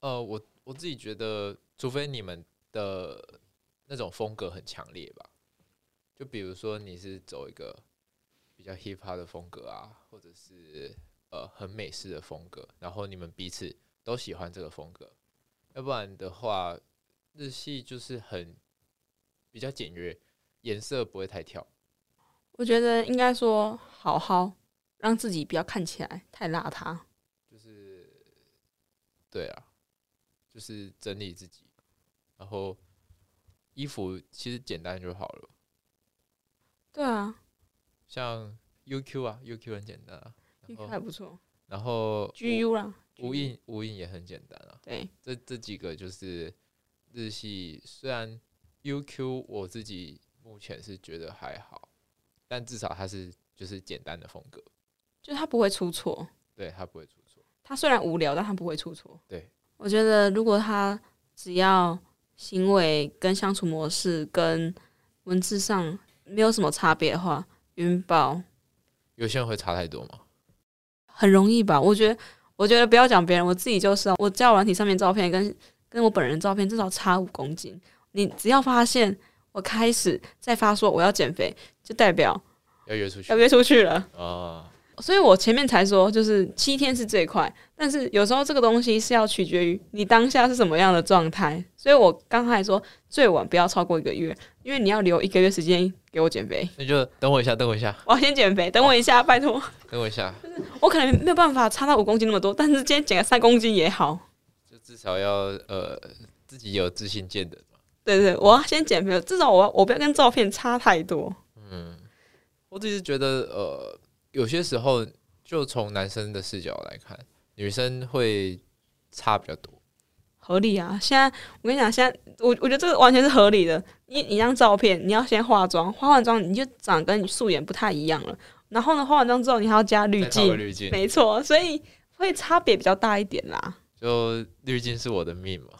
呃，我我自己覺得，除非你們的那種風格很強烈吧，就比如說你是走一個比較 hip hop 的風格啊，或者是呃很美式的風格，然後你們彼此都喜歡這個風格，要不然的話，日系就是很比較簡約，顏色不會太跳。我覺得應該說好好讓自己不要看起來太邋遢，就是對啊，就是整理自己，然後衣服其實簡單就好了。對啊，像 UQ 啊，UQ 很簡單啊，然後，UQ 還不錯。然後 GU 啦，Gu. 無印無印也很簡單啊。對，這這幾個就是日系，雖然 UQ 我自己目前是覺得還好。但至少他是，就是簡單的風格，就他不會出錯。對，他不會出錯。他雖然無聊，但他不會出錯。對，我覺得如果他只要行為跟相處模式跟文字上沒有什麼差別的話，暈爆，有些人會差太多嗎？很容易吧？我覺得，我覺得不要講別人，我自己就是，我交友軟體上面照片跟跟我本人照片至少差五公斤。你只要發現。我開始在發說我要減肥，就代表要約出去，要約出去了哦，所以我前面才說，就是七天是最快，但是有時候這個東西是要取決於你當下是什麼樣的狀態。所以我剛才說最晚不要超過一個月，因為你要留一個月時間給我減肥。那就等我一下，等我一下，我要先減肥。等我一下，啊、拜托，等我一下。就是我可能沒有辦法差到五公斤那麼多，但是今天減了三公斤也好，就至少要呃自己有自信見的。對對，我要先減肥了，至少我我不要跟照片差太多。嗯，我只是覺得，呃，有些時候就從男生的視角來看，女生會差比較多。合理啊！現在我跟你講，現在我我覺得這個完全是合理的。你你一張照片，你要先化妝，化完妝你就長跟你素顏不太一樣了。然後呢，化完妝之後，你還要加濾鏡，加濾鏡，沒錯，所以會差別比較大一點啦。就濾鏡是我的命嘛。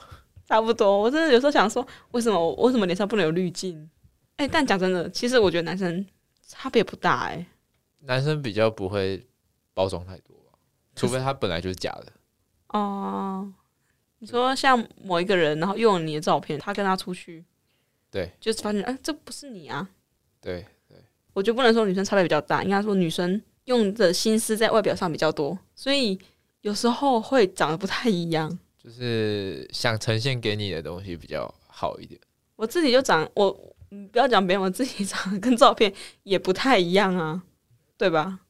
差不多，我真的有時候想說，為什麼我為什麼臉上不能有濾鏡？誒，但講真的，其實我覺得男生差別不大誒，男生比較不會包裝太多，除非他本來就是假的。哦，你說像某一個人，然後用了你的照片，他跟他出去，對，就發現誒，這不是你啊。對，對。我就不能說女生差別比較大，應該說女生用的心思在外表上比較多，所以有時候會長得不太一樣。就是想呈現給你的東西比較好一點。我自己就長我，你不要講別人，我自己長得跟照片也不太一樣啊，對吧？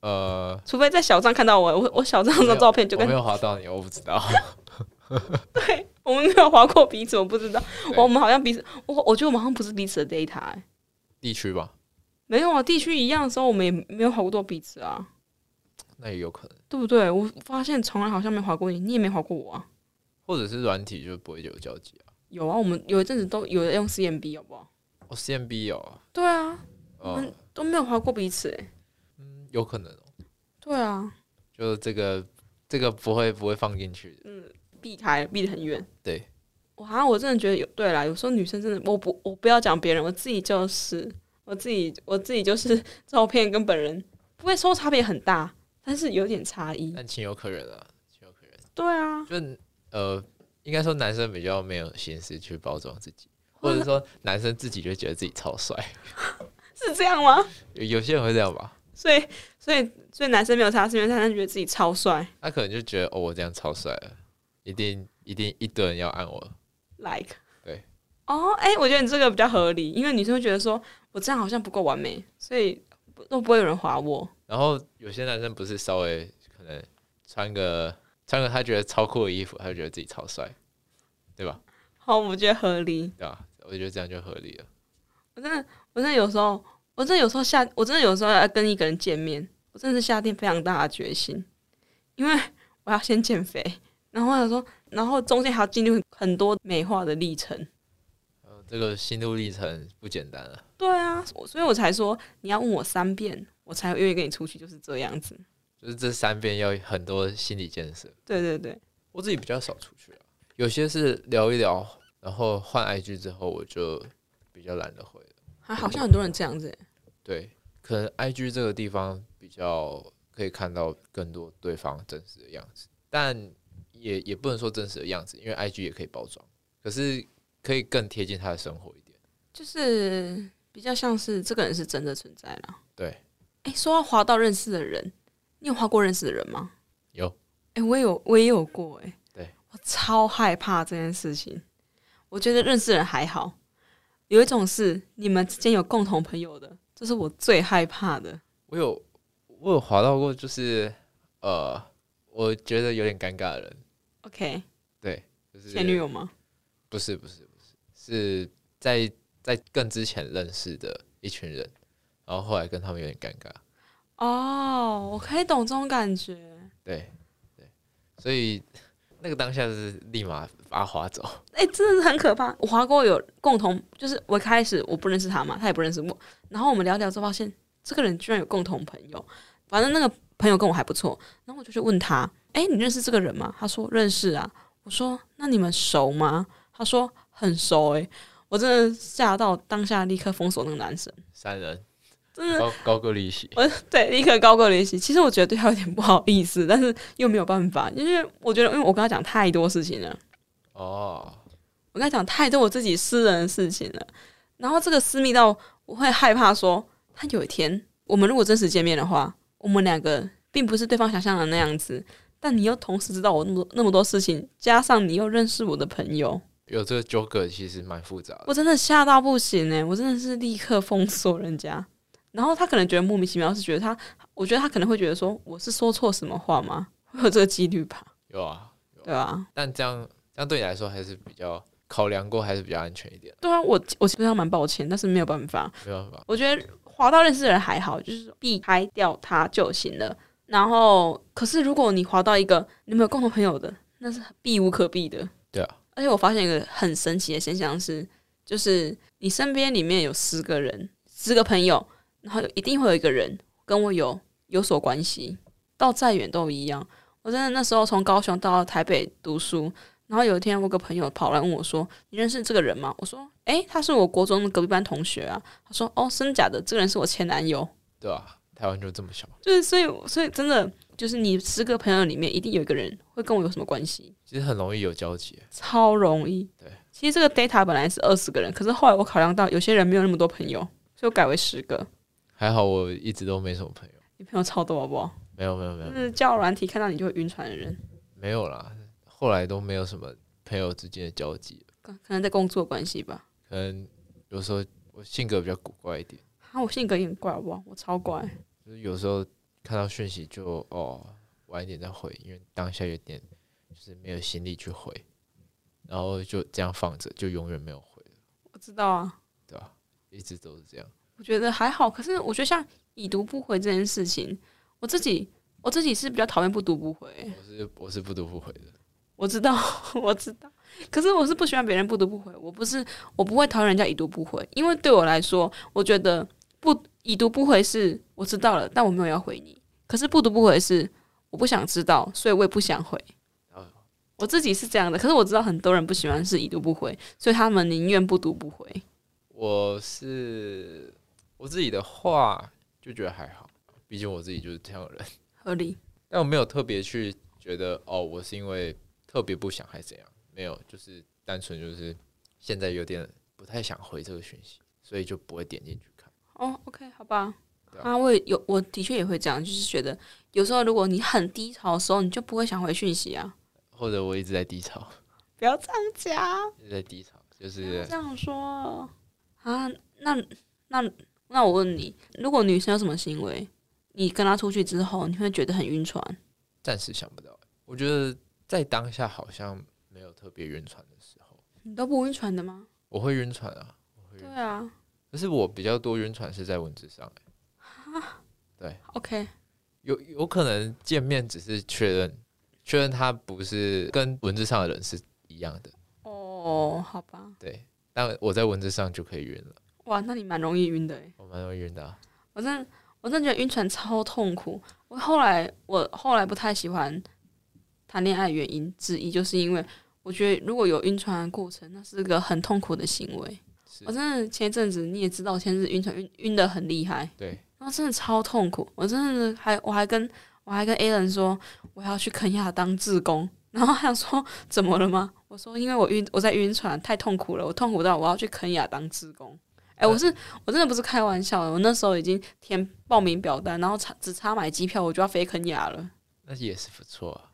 呃，除非在小帳看到我，我我，我小帳的照片就跟我沒有滑到你我 我，我不知道。對，我們沒有滑過彼此，我不知道。我們好像彼此，我我覺得我們好像不是彼此的 data 哎、欸。地區吧，沒有啊，地區一樣的時候，我們也沒有滑過多彼此啊。那也有可能，對不對？我發現從來好像沒滑過你，你也沒滑過我啊。或者是軟體就不會有交集啊。有啊，我們有一陣子都有用 CMB，有不哦 CMB 有、啊。對啊，嗯、哦，都沒有劃過彼此、欸、嗯，有可能、喔。對啊，就這個這個不會不會放進去嗯，避開避得很遠。對，我我真的覺得有。對啦，有時候女生真的，我不我不要講別人，我自己就是我自己我自己就是照片跟本人，不會說差別很大，但是有點差異。但情有可原啊，情有可原。對啊，就。呃，應該說男生比較沒有心思去包裝自己，或者說男生自己就覺得自己超帥，哦、 是這樣嗎？有有些人會這樣吧。所以，所以，所以男生沒有差是因為男生覺得自己超帥，他可能就覺得哦，我這樣超帥了，一定一定一堆人要按我 like。對，哦，哎，我覺得你這個比較合理，因為女生會覺得說我這樣好像不夠完美，所以都不會有人滑我。然後有些男生不是稍微可能穿個。穿著他覺得超酷的衣服，他就覺得自己超帥，對吧？好，我覺得合理。對啊，我覺得這樣就合理了。我真的，我真的有時候，我真的有時候下，我真的有時候要跟一個人見面，我真的是下定非常大的決心，因為我要先減肥，然後或者說，然後中間還要經歷很多美化的歷程。呃、嗯，這個心路歷程不簡單了。對啊，所以我才說你要問我三遍，我才願意跟你出去，就是這樣子。就是這三邊要很多心理建設。對對對，我自己比較少出去，啊，有些是聊一聊，然後換 IG 之後，我就比較懶得回了。還好像很多人這樣子。對，可能 IG 這個地方比較可以看到更多對方真實的樣子，但也也不能說真實的樣子，因為 IG 也可以包裝，可是可以更貼近他的生活一點。就是比較像是這個人是真的存在了，啊。對。哎，欸，說要滑到認識的人。你有劃過認識的人嗎？有，哎、欸，我也有，我也有過、欸，哎，對，我超害怕這件事情。我覺得認識人還好，有一種是你們之間有共同朋友的，這、就是我最害怕的。我有，我有劃到過，就是呃，我覺得有點尷尬的人。OK，對，前女友嗎？不是，不是，不是，是在在更之前認識的一群人，然後後來跟他們有點尷尬。哦、oh,，我可以懂這種感覺。對，對，所以那個當下就是立馬把他劃走。哎、欸，真的是很可怕。我劃過有共同，就是我一開始我不認識他嘛，他也不認識我。然後我們聊聊之後發現，這個人居然有共同朋友。反正那個朋友跟我還不錯。然後我就去問他：“哎、欸，你認識這個人嗎？”他說：“認識啊。”我說：“那你們熟嗎？”他說：“很熟。”哎，我真的嚇到當下立刻封鎖那個男生。三人。嗯、高高歌離席，嗯，對，立刻高歌離席。其實我覺得對他有點不好意思，但是又沒有辦法，因為我覺得，因為我跟他講太多事情了。哦，我跟他講太多我自己私人的事情了，然後這個私密到我會害怕說，說他有一天我們如果真實見面的話，我們兩個並不是對方想象的那樣子。但你又同時知道我那麼多那麼多事情，加上你又認識我的朋友，有這個糾葛，其實蠻複雜的。我真的嚇到不行哎、欸，我真的是立刻封鎖人家。然後他可能覺得莫名其妙，是覺得他，我覺得他可能會覺得說我是說錯什麼話嗎？會有這個幾率吧？有啊，有啊，對啊。但這樣，這樣對你來說還是比較考量過，還是比較安全一點。對啊，我我其實還蠻抱歉，但是沒有辦法，沒有辦法。我覺得劃到認識的人還好，就是避開掉他就行了。然後，可是如果你劃到一個你沒有共同朋友的，那是避無可避的。對啊。而且我發現一個很神奇的現象是，就是你身邊裡面有十個人，十個朋友。然後一定會有一個人跟我有有所關係，到再遠都一樣。我真的那時候從高雄到台北讀書，然後有一天我個朋友跑來問我說：“你認識這個人嗎？”我說：“誒，他是我國中的隔壁班同學啊。”他說：“哦，真的假的？這個人是我前男友。”對啊，台灣就這麼小。就是所以所以真的就是你十個朋友裡面一定有一個人會跟我有什麼關係，其實很容易有交集，超容易。對，其實這個 data 本來是二十個人，可是後來我考量到有些人沒有那麼多朋友，所以我改為十個。還好我一直都沒什麼朋友。你朋友超多好不好？沒有沒有沒有。就是叫軟體看到你就會暈船的人。沒有啦，後來都沒有什麼朋友之間的交集。可可能在工作關係吧。可能有時候我性格比較古怪一點。啊，我性格也很怪，好不好？我超怪。嗯。就是有時候看到訊息就哦，晚一點再回，因為當下有點就是沒有心力去回，然後就這樣放着，就永遠沒有回。我知道啊。對吧？一直都是這樣。我覺得還好，可是我覺得像已讀不回這件事情，我自己我自己是比較討厭不讀不回。我是我是不讀不回的，我知道我知道，可是我是不喜歡別人不讀不回。我不是我不會討厭人家已讀不回，因為對我來說，我覺得不已讀不回是我知道了，但我沒有要回你。可是不讀不回是我不想知道，所以我也不想回。啊，我自己是這樣的，可是我知道很多人不喜歡是已讀不回，所以他們寧願不讀不回。我是。我自己的話就覺得還好，畢竟我自己就是這樣的人，合理。但我沒有特別去覺得哦，我是因為特別不想還是怎樣，沒有，就是單純就是現在有點不太想回這個訊息，所以就不會點進去看。哦，OK，好吧。啊，我也有，我的確也會這樣，就是覺得有時候如果你很低潮的時候，你就不會想回訊息啊。或者我一直在低潮，不要這樣講。一直在低潮就是，不要這樣說啊，那那。那我問你，如果女生有什麼行為，你跟她出去之後，你會覺得很暈船？暫時想不到，我覺得在當下好像沒有特別暈船的時候。你都不暈船的嗎？我會暈船啊我會暈船，對啊，可是我比較多暈船是在文字上。對，OK，有有可能見面只是確認，確認他不是跟文字上的人是一樣的。哦，oh，好吧。對，但我在文字上就可以暈了。哇，那你蠻容易暈的耶。我蠻，哦，容易暈的啊。我真的，我真的覺得暈船超痛苦。我後來，我後來不太喜歡談戀愛原因之一，就是因為我覺得如果有暈船的過程，那是個很痛苦的行為。我真的前一陣子你也知道我前，前陣子暈船暈暈得很厲害。對。然後真的超痛苦。我真的還，我還跟我還跟 Allen 說，我要去肯亞當志工。然後他說，怎麼了嗎？我說，因為我暈，我在暈船，太痛苦了。我痛苦到我要去肯亞當志工。哎、欸，我是我真的不是開玩笑的，我那時候已經填報名表單，然後差只差買機票，我就要飛肯亞了。那也是不錯啊，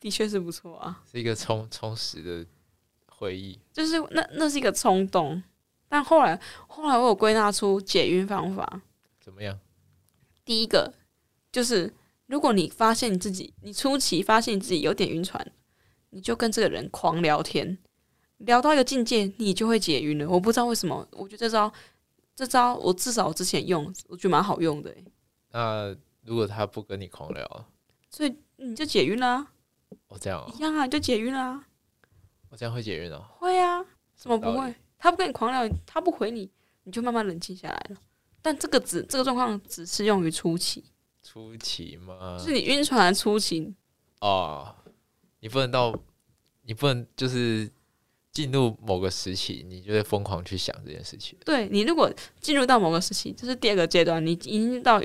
的確是不錯啊，是一個充充實的回憶。就是那那是一個衝動，但後來後來我有歸納出解暈方法。怎麼樣？第一個就是，如果你發現你自己，你初期發現自己有點暈船，你就跟這個人狂聊天。聊到一個境界，你就會解暈了。我不知道為什麼，我覺得這招，這招我至少我之前用，我覺得蠻好用的、欸。那、呃、如果他不跟你狂聊，所以你就解暈了、啊。哦，這樣、哦、一樣啊，你就解暈了、啊。我這樣會解暈哦。會啊，怎麼不會？他不跟你狂聊，他不回你，你就慢慢冷靜下來了。但這個只這個狀況只適用於初期。初期嗎？就是你暈船初期。哦。你不能到，你不能就是。進入某個時期，你就會瘋狂去想這件事情。對，你如果進入到某個時期，這、就是第二個階段，你已經到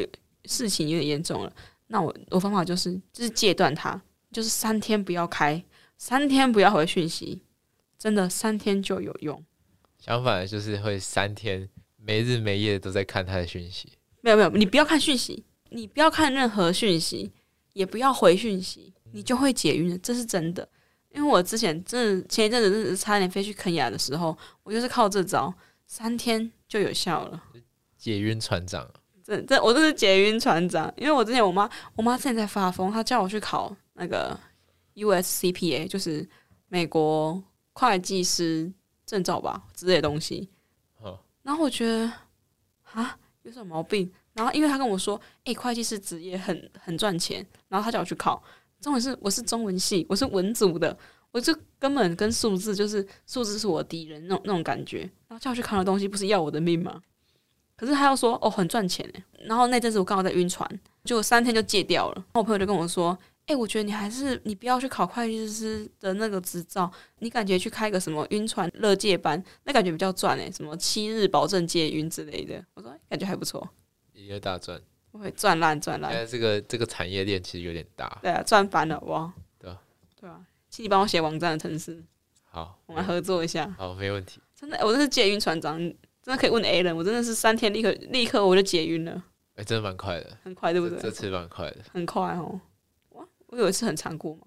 事情有點嚴重了。那我我方法就是，就是戒斷它，就是三天不要開，三天不要回訊息，真的三天就有用。相反，就是會三天沒日沒夜都在看他的訊息。沒有沒有，你不要看訊息，你不要看任何訊息，也不要回訊息，你就會解暈了、嗯，這是真的。因為我之前真的前一陣子真的子差點飛去肯牙的時候，我就是靠這招，三天就有效了。解暈船長，這這我真是解暈船長。因為我之前我媽我媽現在在發瘋，她叫我去考那個 USCPA，就是美國會計師證照吧之類的東西。Oh. 然後我覺得啊，有什麼毛病？然後因為她跟我說，哎、欸，會計師職業很很賺錢，然後她叫我去考。中文是我是中文系，我是文組的，我就根本跟數字就是數字是我敵人那種那種感覺。然後叫我去扛的東西不是要我的命嗎？可是他又說哦，很賺錢。然後那陣子我剛好在暈船，就三天就戒掉了。然後我朋友就跟我說，哎、欸，我覺得你還是你不要去考會計師的那個執照，你感覺去開個什麼暈船勒戒班，那感覺比較賺哎。什麼七日保證戒暈之類的，我說感覺還不錯，一個大賺。會賺爛賺爛，這個這個產業鏈其實有點大。對啊，賺翻了哇。對啊，對啊，請你幫我寫網站的程式。好，我們合作一下。好，沒問題。真的，我這是解暈船長，真的可以問 Allen，我真的是三天立刻立刻我就解暈了。哎、欸，真的蠻快的，很快對不對？這，這次蠻快的，很快哦。哇，我我有一次很殘酷嗎？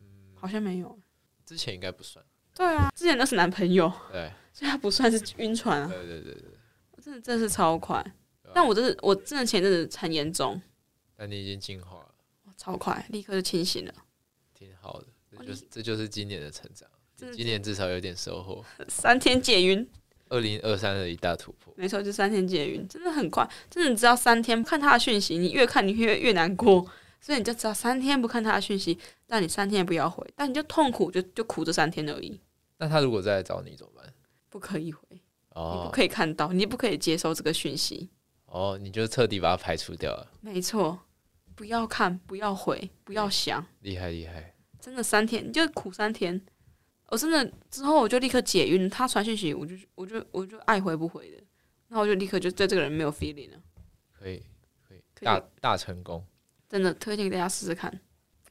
嗯，好像沒有。之前應該不算。對啊，之前那是男朋友。對，所以他不算是暈船啊。對對對對，真的真的是超快。但我，我真的，我前陣子真的很嚴重。但你已經進化了、哦，超快，立刻就清醒了，挺好的。這就、哦、這就是今年的成長的，今年至少有點收穫。三天解暈，二零二三的一大突破。沒錯，就三天解暈，真的很快。真的，你知道三天不看他的訊息，你越看你越越，越難過、嗯，所以你就只要三天不看他的訊息，但你三天也不要回，但你就痛苦就，就就苦這三天而已。那他如果再來找你怎麼辦？不可以回、哦，你不可以看到，你不可以接收這個訊息。哦，你就徹底把它排除掉了。沒錯，不要看，不要回，不要想。嗯、厲害厲害，真的三天，你就苦三天。我真的之後我就立刻解暈，他傳信息我就，我就我就我就愛回不回的，然後我就立刻就對這個人沒有 feeling 了。可以可以，大大成功。真的推薦給大家試試看，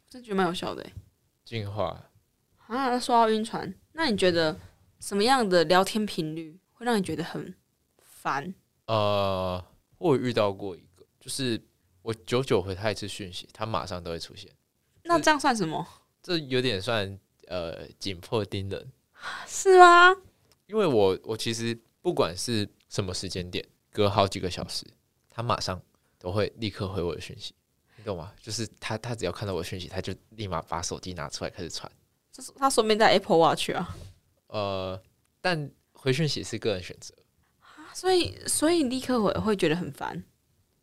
這局蠻有效的。進化啊。說到暈船，那你覺得什麼樣的聊天頻率會讓你覺得很煩？呃。我有遇到過一個，就是我久久回他一次訊息，他馬上都會出現。那這樣算什麼？這有點算呃緊迫盯人，是嗎？因為我我其實不管是什麼時間點，隔好幾個小時，他馬上都會立刻回我的訊息，你懂嗎？就是他他只要看到我訊息，他就立馬把手機拿出來開始傳。就是他說明在 Apple Watch 啊？呃，但回訊息是個人選擇。所以，所以立刻回會覺得很煩，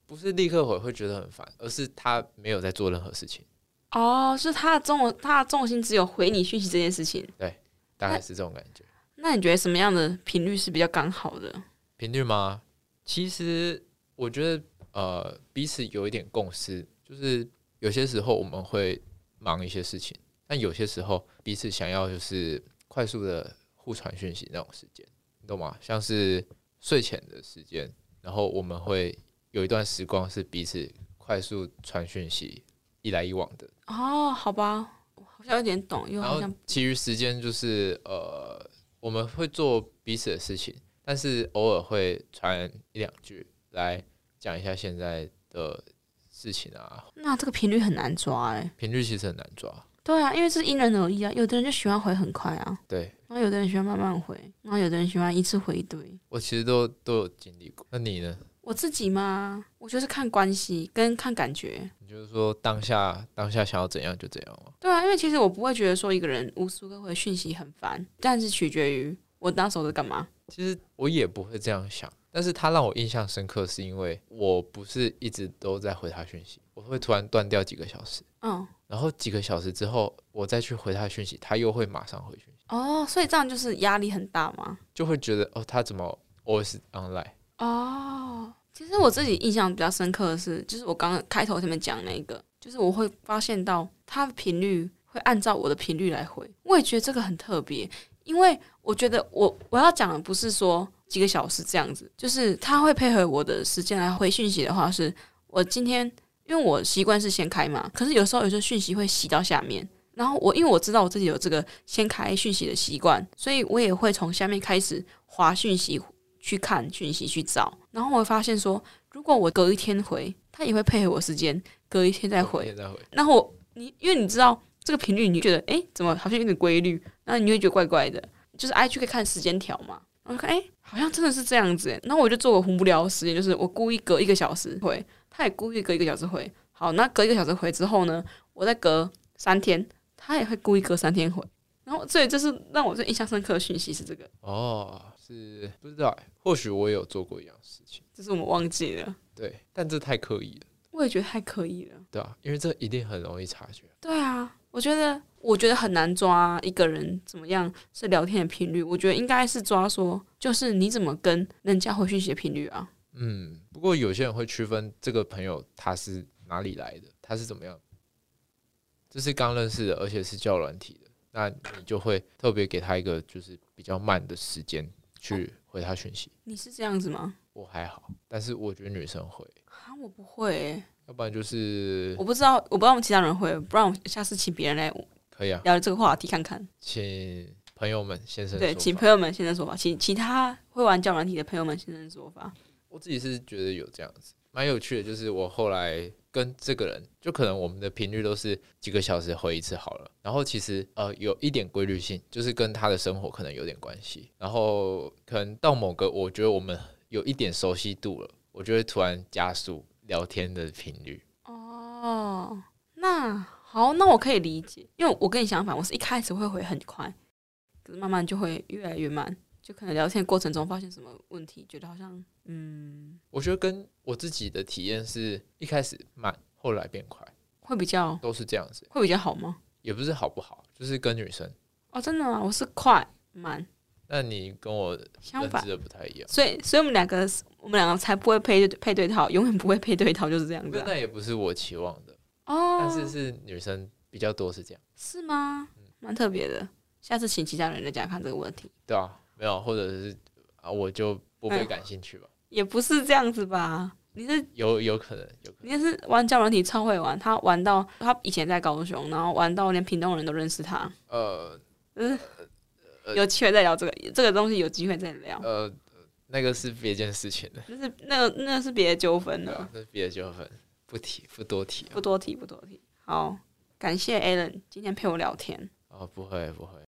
不是立刻回會覺得很煩，而是他沒有在做任何事情。哦，是他的重，他的重心只有回你訊息這件事情。對，大概是這種感覺。那，那你覺得什麼樣的頻率是比較剛好的頻率嗎？其實我覺得，呃，彼此有一點共識，就是有些時候我們會忙一些事情，但有些時候彼此想要就是快速的互傳訊息那種時間，你懂嗎？像是。睡前的時間，然後我們會有一段時光是彼此快速傳訊息，一來一往的。哦，好吧，我好像有點懂，又好像。然後其餘時間就是呃，我們會做彼此的事情，但是偶爾會傳一兩句來講一下現在的事情啊。那這個頻率很難抓哎，欸，頻率其實很難抓。對啊，因為是因人而異啊，有的人就喜歡回很快啊，對，然後有的人喜歡慢慢回，然後有的人喜歡一次回一堆。我其實都都有經歷過，那你呢？我自己嗎？我就是看關係跟看感覺。你就是說當下當下想要怎樣就怎樣嗎？對啊，因為其實我不會覺得說一個人無數個回訊息很煩，但是取決於我當時在幹嘛。其實我也不會這樣想。但是他讓我印象深刻，是因為我不是一直都在回他訊息，我會突然斷掉幾個小時，嗯，然後幾個小時之後，我再去回他訊息，他又會馬上回訊息。哦，所以這樣就是壓力很大嗎？就會覺得哦，他怎麼 always online？哦，其實我自己印象比較深刻的是，就是我剛剛開頭前面講那個，就是我會發現到他的頻率會按照我的頻率來回，我也覺得這個很特別，因為我覺得我我要講的不是說。幾個小時這樣子，就是他會配合我的時間來回訊息的話是，是我今天因為我習慣是先開嘛，可是有時候有時候訊息會洗到下面，然後我因為我知道我自己有這個先開訊息的習慣，所以我也會從下面開始滑訊息去看訊息去找，然後我會發現說，如果我隔一天回，他也會配合我時間隔一天再回，再回，然後你因為你知道這個頻率，你覺得誒怎麼好像有點規律，然後你會覺得怪怪的，就是 IG 可以看時間條嘛，然後好像真的是這樣子誒，那我就做個無聊的事情。就是我故意隔一個小時回，他也故意隔一個小時回。好，那隔一個小時回之後呢，我再隔三天，他也會故意隔三天回。然後，所以就是讓我最印象深刻的訊息是這個。哦，是不知道，或許我也有做過一樣事情，只是我們忘記了。對，但這太刻意了。我也覺得太刻意了。對啊，因為這一定很容易察覺。對啊，我覺得。我覺得很難抓一個人怎麼樣是聊天的頻率。我覺得應該是抓說，就是你怎麼跟人家回訊息的頻率啊。嗯，不過有些人會區分這個朋友他是哪裡來的，他是怎麼樣，這是剛認識的，而且是較軟體的，那你就會特別給他一個就是比較慢的時間去回他訊息。啊。你是這樣子嗎？我還好，但是我覺得女生會啊，我不會欸。要不然就是我不知道，我不知道我們其他人會，不然我下次請別人來。可以啊，聊這個話題看看。請朋友們先生對，請朋友們先生說法，請其他會玩交友軟體的朋友們先生說法。我自己是覺得有這樣子蠻有趣的，就是我後來跟這個人，就可能我們的頻率都是幾個小時回一次好了。然後其實呃有一點規律性，就是跟他的生活可能有點關係。然後可能到某個，我覺得我們有一點熟悉度了，我就會突然加速聊天的頻率。哦，那。好，那我可以理解，因為我跟你相反，我是一開始會回很快，可是慢慢就會越來越慢，就可能聊天過程中發現什麼問題，覺得好像嗯，我覺得跟我自己的體驗是一開始慢，後來變快，會比較都是這樣子，會比較好嗎？也不是好不好，就是跟女生哦，真的嗎，我是快慢，那你跟我相反的不太一樣，相反，所以所以我們兩個我們兩個才不會配對配對套，永遠不會配對套，就是這樣子啊，那也不是我期望。哦，但是是女生比較多，是這樣。是嗎？蠻特別的。下次請其他人來講，看這個問題。對啊，沒有，或者是啊，我就不會感興趣吧。欸。也不是這樣子吧？你是有有可能有可能，你是玩家玩體超會玩，他玩到他以前在高雄，然後玩到連屏東人都認識他。呃，就是、有機會再聊這個、呃、這個東西，有機會再聊。呃，那個是別件事情的，、就是那個那個是的啊，那是那那是別的糾紛，那是別的糾紛。不提，不多提、啊，不多提，不多提。好，感謝 Alan 今天陪我聊天。哦，不會，不會。